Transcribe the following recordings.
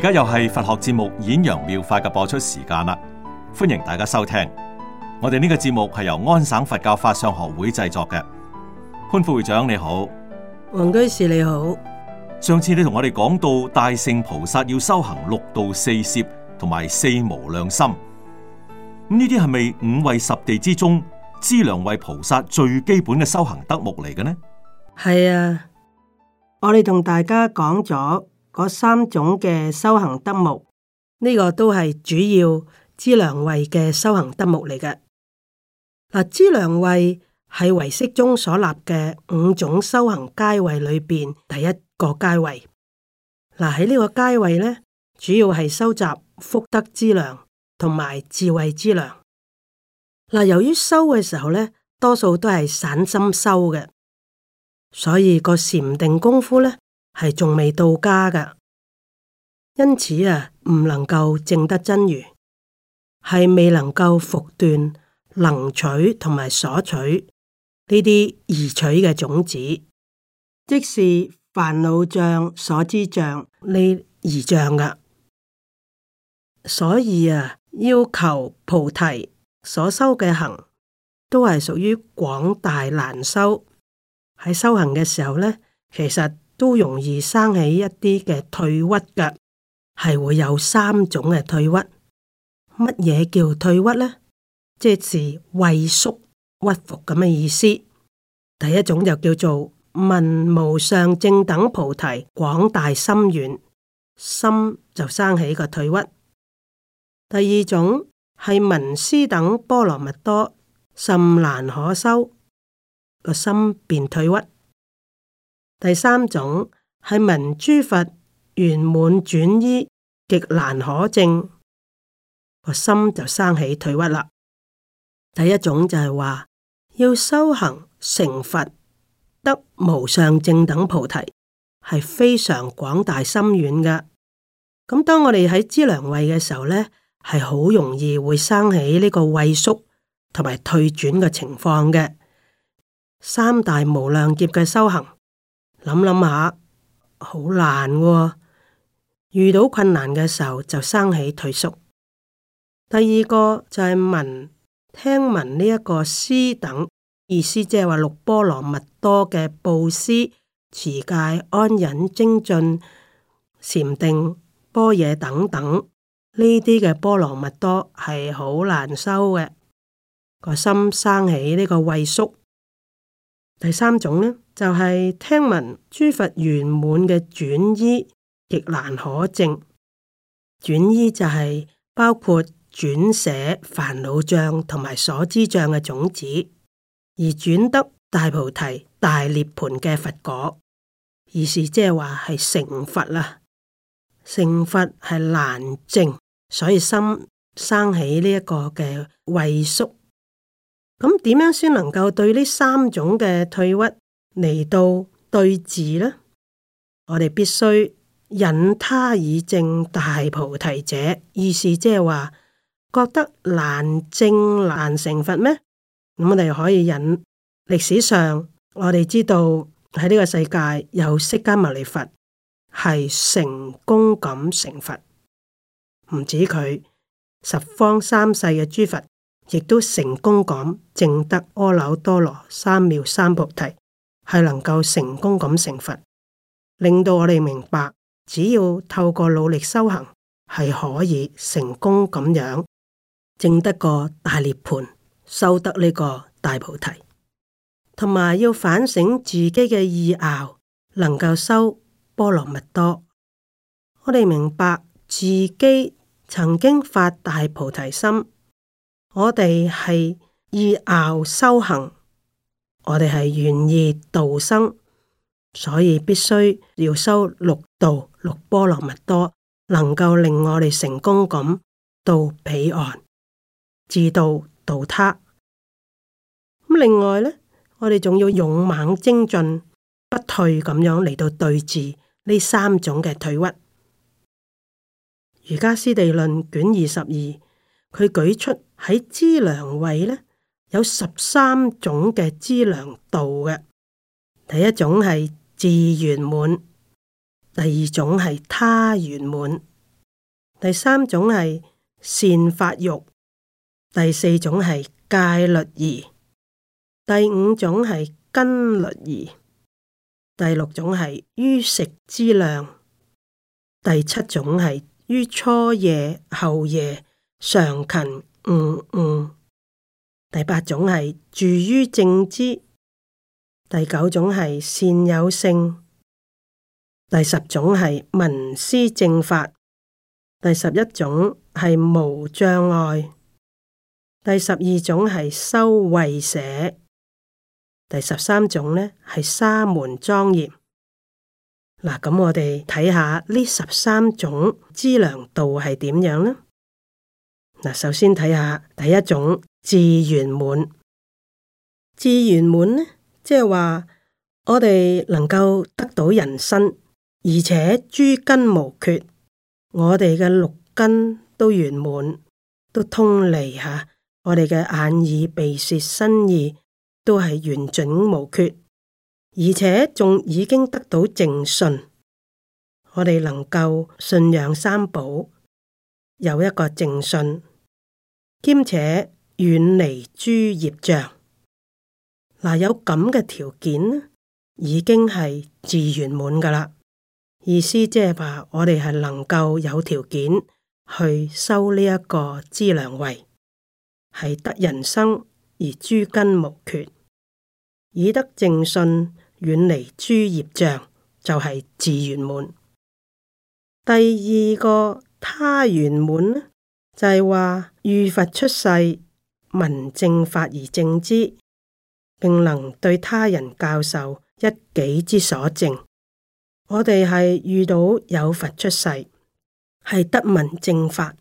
而家又係佛學節目《演揚妙，妙法》嘅播出時間啦，歡迎大家收聽。我哋呢個節目係由安省佛教法相學會製作嘅。潘副會長你好，黃居士你好。上次你同我哋講到大乘菩薩要修行六度四攝同埋四無量心，呢啲係咪五位十地之中資糧位菩薩最基本嘅修行德目嚟嘅呢？係啊，我哋同大家講咗。嗰三種嘅修行德目，呢個都係主要資糧位嘅修行德目嚟嘅。嗱，資糧位係唯識中所立嘅五種修行階位裏邊第一個階位。嗱、啊，喺呢個階位咧，主要係收集福德資糧同埋智慧資糧。嗱、啊，由於修嘅時候咧，多數都係散心修嘅，所以個禪定功夫咧。係仲未到家噶因此啊，唔能夠證得真如，係未能夠伏斷能取同埋所取呢啲二取嘅種子，即是煩惱障、所知障、呢二障噶。所以啊，要求菩提所修嘅行，都係屬於廣大難修。喺修行嘅時候咧，其實。都容易生起一啲嘅退屈嘅，係會有三種嘅退屈。乜嘢叫退屈呢？即是畏縮屈服咁嘅意思。第一種就叫做文無上正等菩提，廣大深遠，心就生起個退屈。第二種係文殊等波羅蜜多甚難可修，個心便退屈。第三種係謂諸佛圓滿轉依，極難可證，個心就生起退屈啦。第一種就係話要修行成佛，得無上正等菩提，係非常廣大深遠噶。咁當我哋喺資糧位嘅時候呢，係好容易會生起呢個畏縮同埋退轉嘅情況嘅，三大無量劫嘅修行。諗諗下，好難喎，哦！遇到困難嘅時候就生起退縮。第二個就係聞聽聞呢一個詩等，意思即係話六波羅蜜多嘅布施、持戒、安忍、精進、禪定、般若等等呢啲嘅波羅蜜多係好難修嘅，個心生起呢個畏縮。第三種呢。就係聽聞諸佛圓滿嘅轉依亦難可證，轉依就係包括轉捨煩惱障同埋所知障嘅種子，而轉得大菩提、大涅槃嘅佛果，意思即係話係成佛啦。成佛係難證，所以心生起呢一個嘅畏縮。咁點樣先能夠對呢三種嘅退屈？嚟到對治咧，我哋必須引他以正大菩提者，意思即係話覺得難證難成佛咩？咁我哋可以引歷史上，我哋知道喺呢個世界有釋迦牟尼佛係成功咁成佛，唔止佢十方三世嘅諸佛亦都成功咁證得阿耨多羅三藐三菩提。係能夠成功咁成佛，令到我哋明白，只要透過努力修行，係可以成功咁樣證得個大涅盤，修得呢個大菩提，同埋要反省自己嘅意拗，能夠修波羅蜜多。我哋明白自己曾經發大菩提心，我哋係意拗修行。我哋係願意渡生，所以必須要修六道六波羅蜜多，能夠令我哋成功咁渡彼岸，自渡渡他。咁另外呢，我哋仲要勇猛精進，不退咁樣嚟到對治呢三種嘅退屈。瑜伽師地論卷二十二，佢舉出喺資糧位呢。有十三種嘅資糧道嘅，第一種係自圓滿，第二種係他圓滿，第三種係善法欲，第四種係戒律儀，第五種係根律儀，第六種係於食之量，第七種係於初夜、後夜、常勤、午、嗯、午。嗯第八種係住於正知，第九種係善有性，第十種係聞思正法，第十一種係無障礙，第十二種係修慧捨，第十三種咧係沙門莊嚴。嗱，咁我哋睇下呢十三種資糧度係點樣啦。嗱，首先睇下第一種。自圓滿，自圓滿呢？即係話我哋能夠得到人身，而且諸根無缺，我哋嘅六根都圓滿，都通利吓、啊。我哋嘅眼耳鼻舌身意都係完整無缺，而且仲已經得到正信，我哋能夠信仰三寶，有一個正信，兼且。遠離諸業障，嗱、啊、有咁嘅條件呢，已經係自圓滿噶啦。意思即係話，我哋係能夠有條件去修呢一個資糧位，係得人生而諸根無缺，以得正信，遠離諸業障，就係自圓滿。第二個他圓滿呢，就係話如佛出世，遇佛出世。聞正法而證之，並能對他人教授一己之所證。我哋係遇到有佛出世，係得聞正法。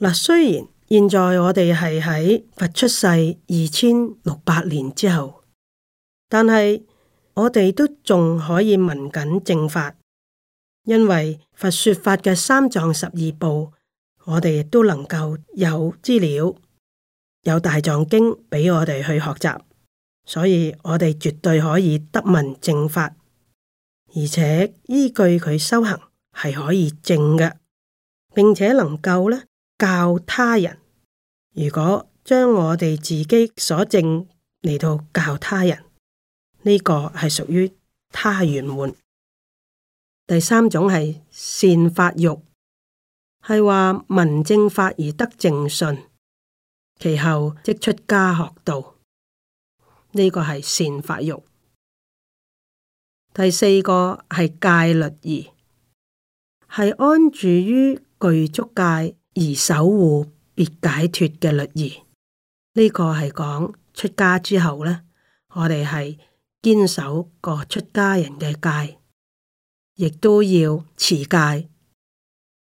嗱，雖然現在我哋係喺佛出世二千六百年之後，但係我哋都仲可以聞緊正法，因為佛說法嘅三藏十二部，我哋亦都能夠有資料。有大藏經畀我哋去學習，所以我哋絕對可以得聞正法，而且依據佢修行係可以證嘅，並且能夠咧教他人。如果將我哋自己所證嚟到教他人，呢、這個係屬於他圓滿。第三種係善法欲，係話聞正法而得正信。其後即出家學道，呢、這個係善法欲。第四個係戒律儀，係安住於具足戒而守護別解脫嘅律儀。呢、這個係講出家之後呢，我哋係堅守個出家人嘅戒，亦都要持戒。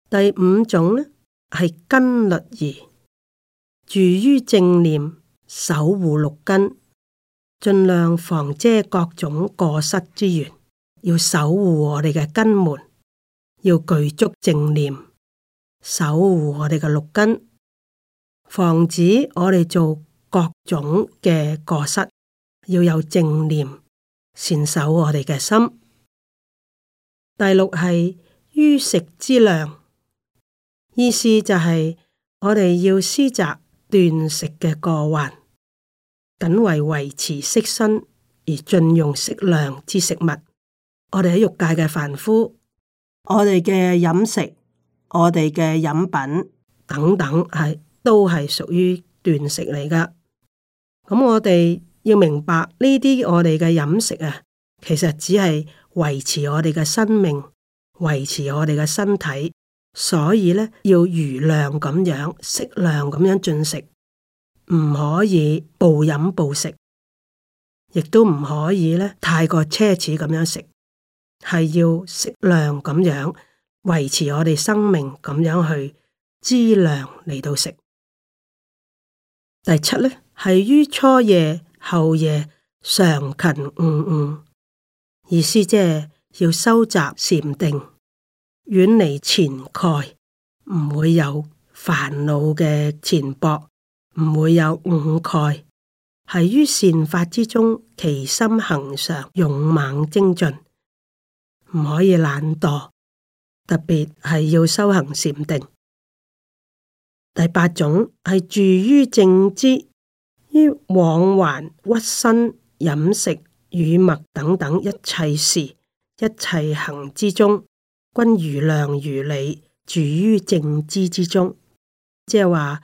第五種呢，係根律儀。住於正念，守護六根，盡量防遮各種過失之源。要守護我哋嘅根門，要具足正念，守護我哋嘅六根，防止我哋做各種嘅過失。要有正念，善守我哋嘅心。第六係於食之量，意思就係我哋要思擇。斷食嘅過患，僅為維持色身而進用適量之食物。我哋喺欲界嘅凡夫，我哋嘅飲食、我哋嘅飲品等等，係都係屬於斷食嚟㗎。咁、嗯、我哋要明白呢啲我哋嘅飲食啊，其實只係維持我哋嘅生命，維持我哋嘅身體。所以咧，要如量咁樣，適量咁樣進食，唔可以暴飲暴食，亦都唔可以咧太過奢侈咁樣食，係要適量咁樣維持我哋生命咁樣去知量嚟到食。第七咧，係於初夜、後夜常勤五五，意思即係要修習禪定。遠離纏蓋，唔會有煩惱嘅纏縛，唔會有五蓋，係於善法之中，其心恒常勇猛精進，唔可以懶惰，特別係要修行禪定。第八種係住於正知，於往還屈身飲食語默等等一切事、一切行之中。均如量如理，住於正知之中，即係話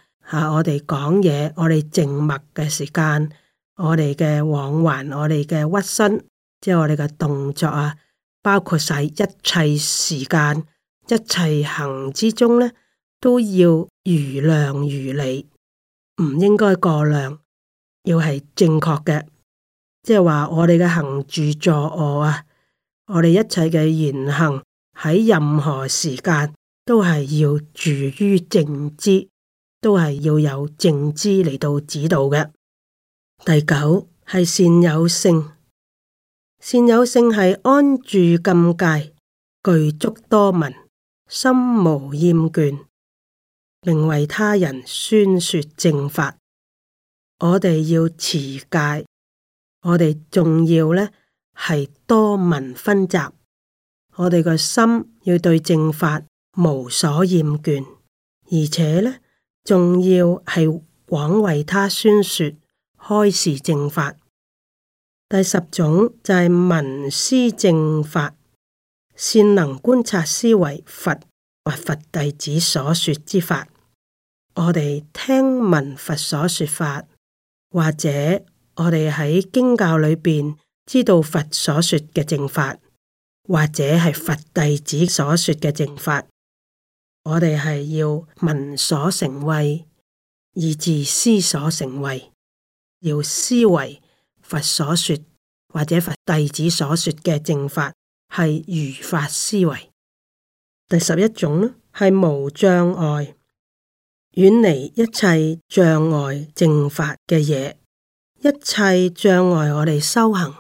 我哋講嘢，我哋靜默嘅時間，我哋嘅往還，我哋嘅屈身，即係我哋嘅動作啊，包括晒一切時間、一切行之中咧，都要如量如理，唔應該過量，要係正確嘅，即係話我哋嘅行住坐臥啊，我哋一切嘅言行。喺任何時間都係要住於正知，都係要有正知嚟到指導嘅。第九係善有性，善有性係安住禁戒，具足多聞，心無厭倦，並為他人宣說正法。我哋要持戒，我哋仲要咧係多聞分集。我哋個心要對正法無所厭倦，而且呢，仲要係廣為他宣說開示正法。第十種就係聞思正法，善能觀察思維佛或佛弟子所說之法。我哋聽聞佛所說法，或者我哋喺經教裏邊知道佛所說嘅正法。或者係佛弟子所說嘅正法，我哋係要聞所成慧，以至思所成慧，要思維佛所說或者佛弟子所說嘅正法係如法思維。第十一種咯，係無障礙，遠離一切障礙正法嘅嘢，一切障礙我哋修行，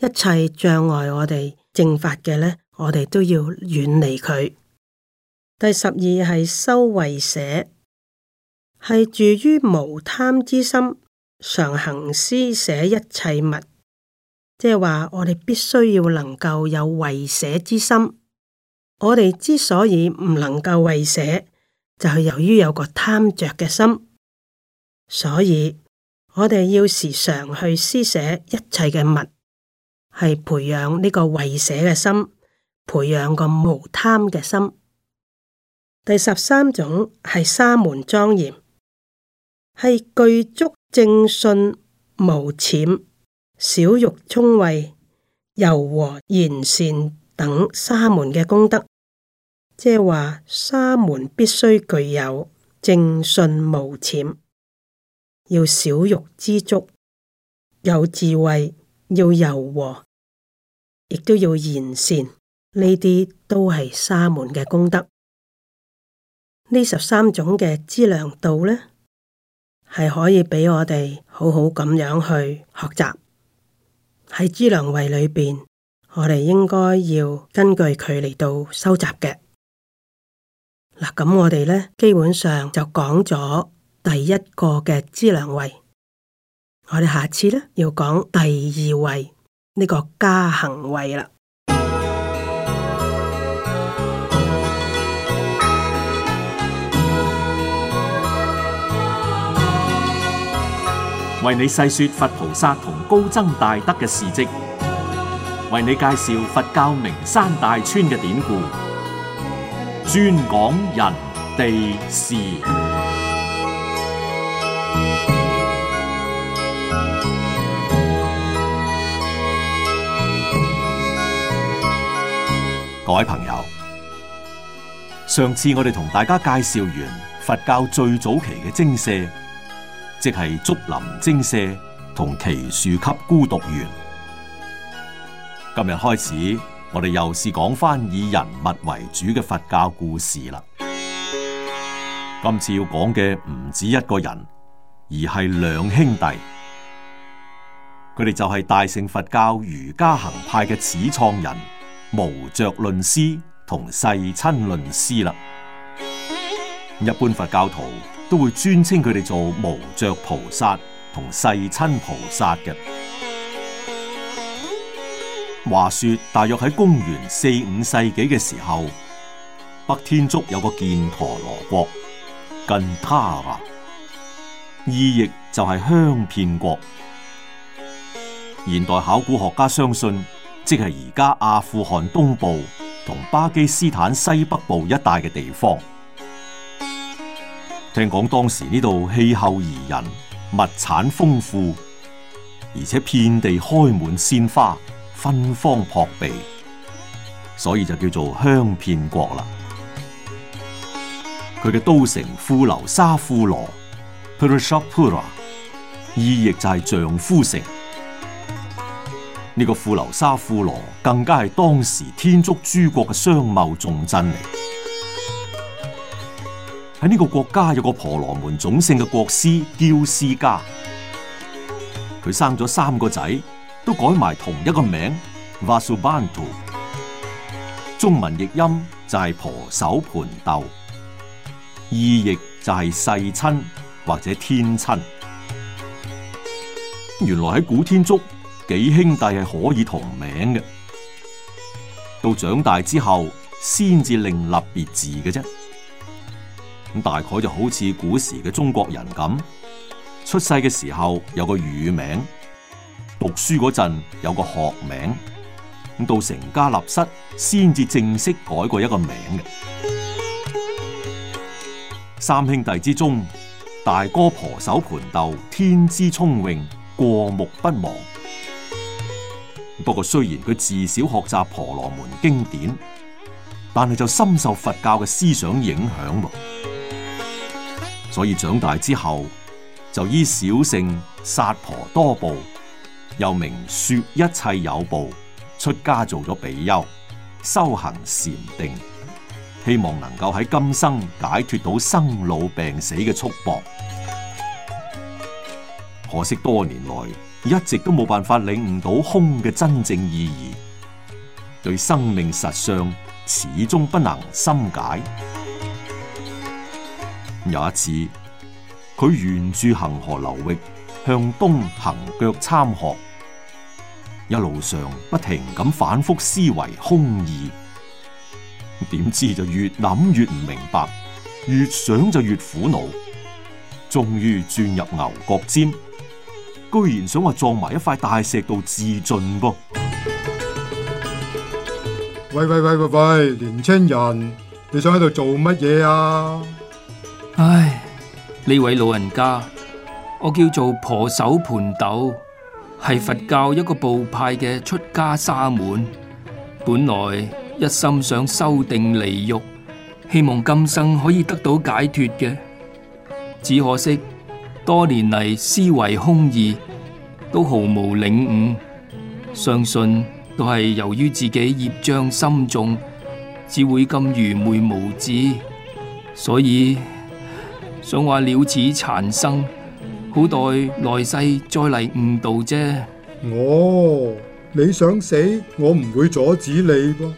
一切障礙我哋。正法嘅咧，我哋都要遠離佢。第十二係修惠捨，係住於無貪之心，常行施捨一切物。即係話，我哋必須要能夠有惠捨之心。我哋之所以唔能夠惠捨，就係由於有個貪着嘅心。所以，我哋要時常去施捨一切嘅物。係培養呢個為捨嘅心，培養個無貪嘅心。第十三種係沙門莊嚴，係具足正信、無諂、少欲、聰慧、柔和、賢善等沙門嘅功德。即係話沙門必須具有正信、無諂，要少欲知足，有智慧。.要柔和，亦都要完善，呢啲都係沙門嘅功德。呢十三種嘅資量度呢，係可以俾我哋好好咁樣去學習。喺資量位裏邊，我哋應該要根據佢嚟到收集嘅。嗱，咁我哋呢，基本上就講咗第一個嘅資量位。我哋下次咧，要講第二位呢，這個加行位啦。為你細說佛菩薩同高僧大德嘅事蹟，為你介紹佛教名山大川嘅典故，專講人地事。各位朋友，上次我哋同大家介紹完佛教最早期嘅精舍，即係竹林精舍同祇樹給孤獨園。今日開始，我哋又係講返以人物為主嘅佛教故事啦。今次要講嘅唔止一個人，而係兩兄弟。佢哋就係大乘佛教瑜伽行派嘅始創人。無着論師同世親論師啦，一般佛教徒都會尊稱佢哋做無着菩薩同世親菩薩嘅。話說，大約喺公元四五世紀嘅時候，北天竺有個犍陀羅國，近他啊，意譯就係香片國。現代考古學家相信，即係而家阿富汗東部同巴基斯坦西北部一帶嘅地方，聽講當時呢度氣候宜人、物產豐富，而且遍地開滿鮮花，芬芳撲鼻，所以就叫做香片國啦。佢嘅都城富留沙富羅 p e r s h o p u r a 意譯就係丈夫城。呢個富流沙富羅更加係當時天竺諸國嘅商貿重鎮嚟。喺呢個國家有個婆羅門種姓嘅國師鳩斯家。佢生咗三個仔，都改埋同一個名 Vasubandhu，中文譯音就係婆手盤豆，意譯就係世親或者天親。原來喺古天竺。幾兄弟係可以同名嘅，到長大之後先至另立別字嘅啫。咁大概就好似古時嘅中國人咁，出世嘅時候有個乳名，讀書嗰陣有個學名，咁到成家立室先至正式改過一個名嘅。三兄弟之中，大哥婆藪槃豆，天資聰穎，過目不忘。不過，雖然佢自小學習婆羅門經典，但係就深受佛教嘅思想影響，所以長大之後就依小乘薩婆多部，又名說一切有部，出家做咗比丘，修行禪定，希望能夠喺今生解脫到生老病死嘅束縛。可惜多年來，一直都冇辦法領悟到空嘅真正意義，對生命實相始終不能深解。有一次，佢沿住恒河流域向東行腳參學，一路上不停咁反覆思維空義，點知就越諗越唔明白，越想就越苦惱，終於轉入牛角尖。居然想話撞埋一塊大石度自盡噃！喂喂喂喂喂，年青人，你想喺度做乜嘢啊？唉，呢位老人家，我叫做婆藪槃豆，係佛教一個部派嘅出家沙門，本來一心想修定離欲，希望今生可以得到解脫嘅，只可惜。多年嚟思維空義，都毫無領悟。相信都係由於自己業障深重，只會咁愚昧無知。所以想話了此殘生，好待來世再嚟悟道啫。哦，你想死，我唔會阻止你噃。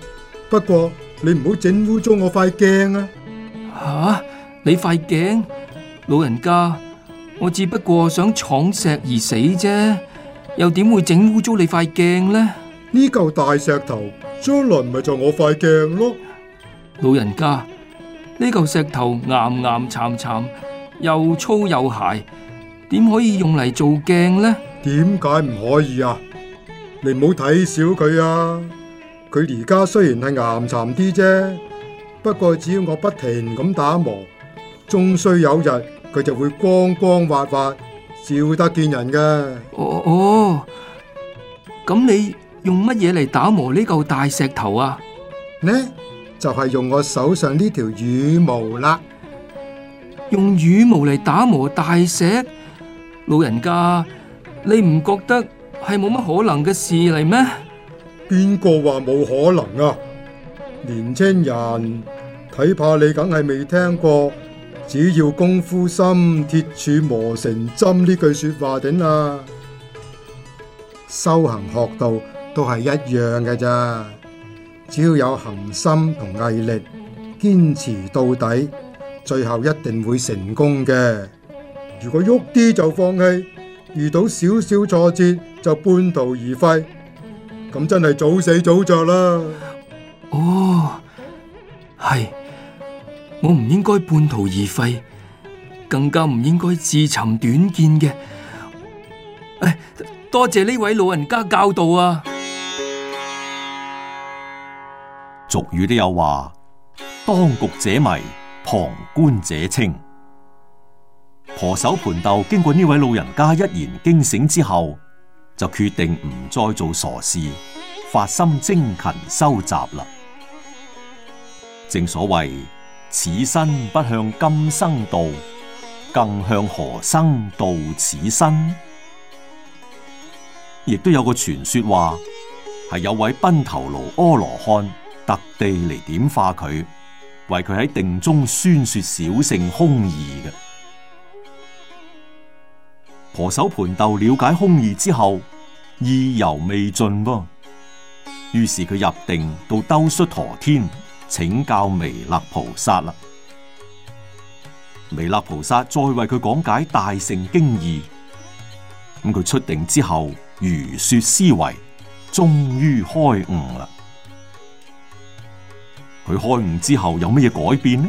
不過你唔好整污糟我塊鏡啊！吓？你塊鏡，老人家。我只不過想闖石而死啫，又點會整污糟你塊鏡呢？呢嚿大石頭將來咪就是我塊鏡咯。老人家，呢嚿石頭岩岩巉巉，又粗又鞋，點可以用嚟做鏡呢？點解唔可以啊？你唔好睇小佢啊！佢而家雖然係岩巉啲啫，不過只要我不停咁打磨，終須有日。佢就會光光滑滑，照得見人㗎。哦，咁你用乜嘢嚟打磨呢嚿大石頭啊？呢就係用我手上呢條羽毛啦。用羽毛嚟打磨大石，老人家，你唔覺得係冇乜可能嘅事嚟咩？邊個話冇可能啊？年青人，睇怕你，梗係未聽過。只要功夫深，鐵杵磨成針，呢句說話頂啦！修行學道都係一樣嘅咋，只要有恆心同毅力，堅持到底，最後一定會成功嘅。如果喐啲就放棄，遇到少少挫折就半途而廢，咁真係早死早着啦。哦，係。我唔應該半途而廢，更加唔應該自尋短見嘅、哎。多謝呢位老人家教導啊！俗語都有話：當局者迷，旁觀者清。婆藪槃豆，經過呢位老人家一言驚醒之後，就決定唔再做傻事，發心精勤收集啦。正所謂。此身不向今生度，更向何生度此身？亦都有個傳說話，係有位賓頭盧阿羅漢特地嚟點化佢，為佢喺定中宣說小乘空義嘅。婆首盤豆了解空義之後，意猶未盡，噃，於是佢入定到兜率陀天。請教彌勒菩薩啦，彌勒菩薩再為佢講解大乘經義。咁佢出定之後如說思維，終於開悟啦。佢開悟之後有咩嘢改變呢？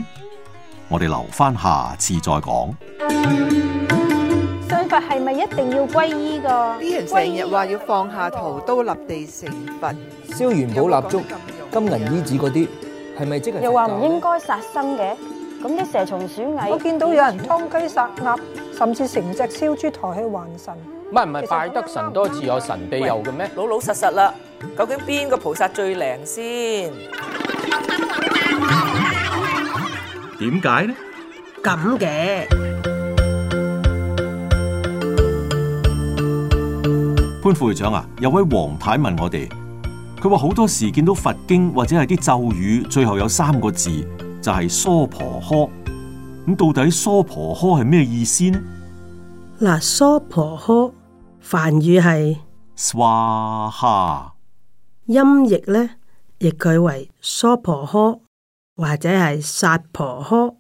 我哋留翻下，下次再講。信佛係咪一定要皈依噶？啲人成日話要放下屠刀立地成佛，燒元寶蠟燭、有有金銀衣紙嗰啲。係咪即係又話唔應該殺生嘅？咁啲蛇蟲鼠蟻，我見到有人劏雞殺鴨，甚至成隻燒豬抬去還神。唔係唔係拜得神多，自有神庇佑嘅咩？老老實實啦，究竟邊個菩薩最靈先？點解呢？咁嘅潘副會長啊，有位黃太問我哋。佢話好多時見到佛經或者係啲咒語，最後有三個字就係、是、娑婆訶。咁、嗯、到底娑婆訶係咩意思呢？嗱，娑婆訶梵語係 swaha，音譯咧譯佢為娑婆訶，或者係薩婆訶，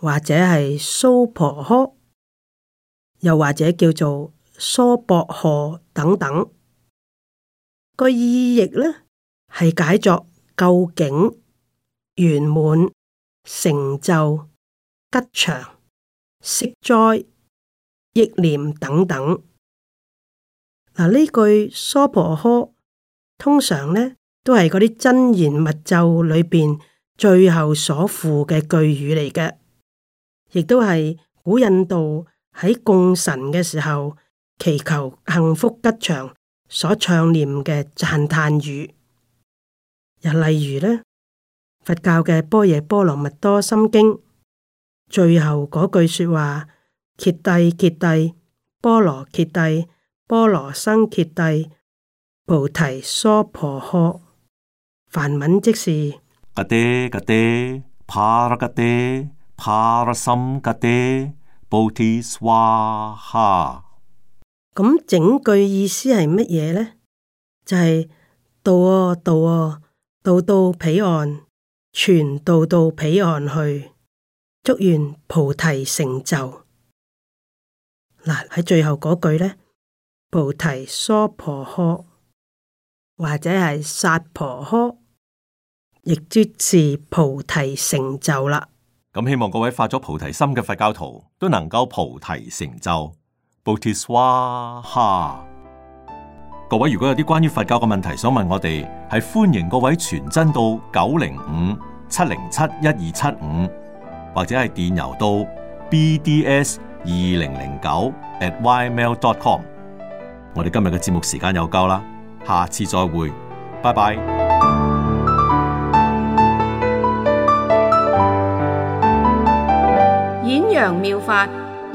或者係蘇婆訶，又或者叫做蘇博訶等等。個意義咧係解作究竟圓滿、成就、吉祥、息災、益念等等。嗱、啊、呢句娑婆訶通常咧都係嗰啲真言密咒裏邊最後所附嘅句語嚟嘅，亦都係古印度喺供神嘅時候，祈求幸福吉祥，所唱念嘅讚嘆語，又例如呢：「佛教嘅《般若波羅蜜多心經》，最後嗰句說話：揭諦揭諦，波羅揭諦，波羅僧揭諦，菩提娑婆訶。梵文即是：噶爹、噶爹、帕拉噶帝，帕拉薩姆噶帝，菩提斯哇、哈。咁整句意思係乜嘢咧？就係渡哦，渡哦、啊，渡到、啊、彼岸，全渡到彼岸去，祝願菩提成就。嗱喺最後嗰句咧，菩提娑婆訶，或者係薩婆訶，亦即是菩提成就啦。咁希望各位發咗菩提心嘅佛教徒都能夠菩提成就。菩提哇哈！各位如果有啲關於佛教嘅問題想問我哋，係歡迎各位傳真到九零五七零七一二七五，75，或者係電郵到 bds 二零零九 @ymail.com。我哋今日嘅節目時間又夠啦，下次再會，拜拜。演揚妙法。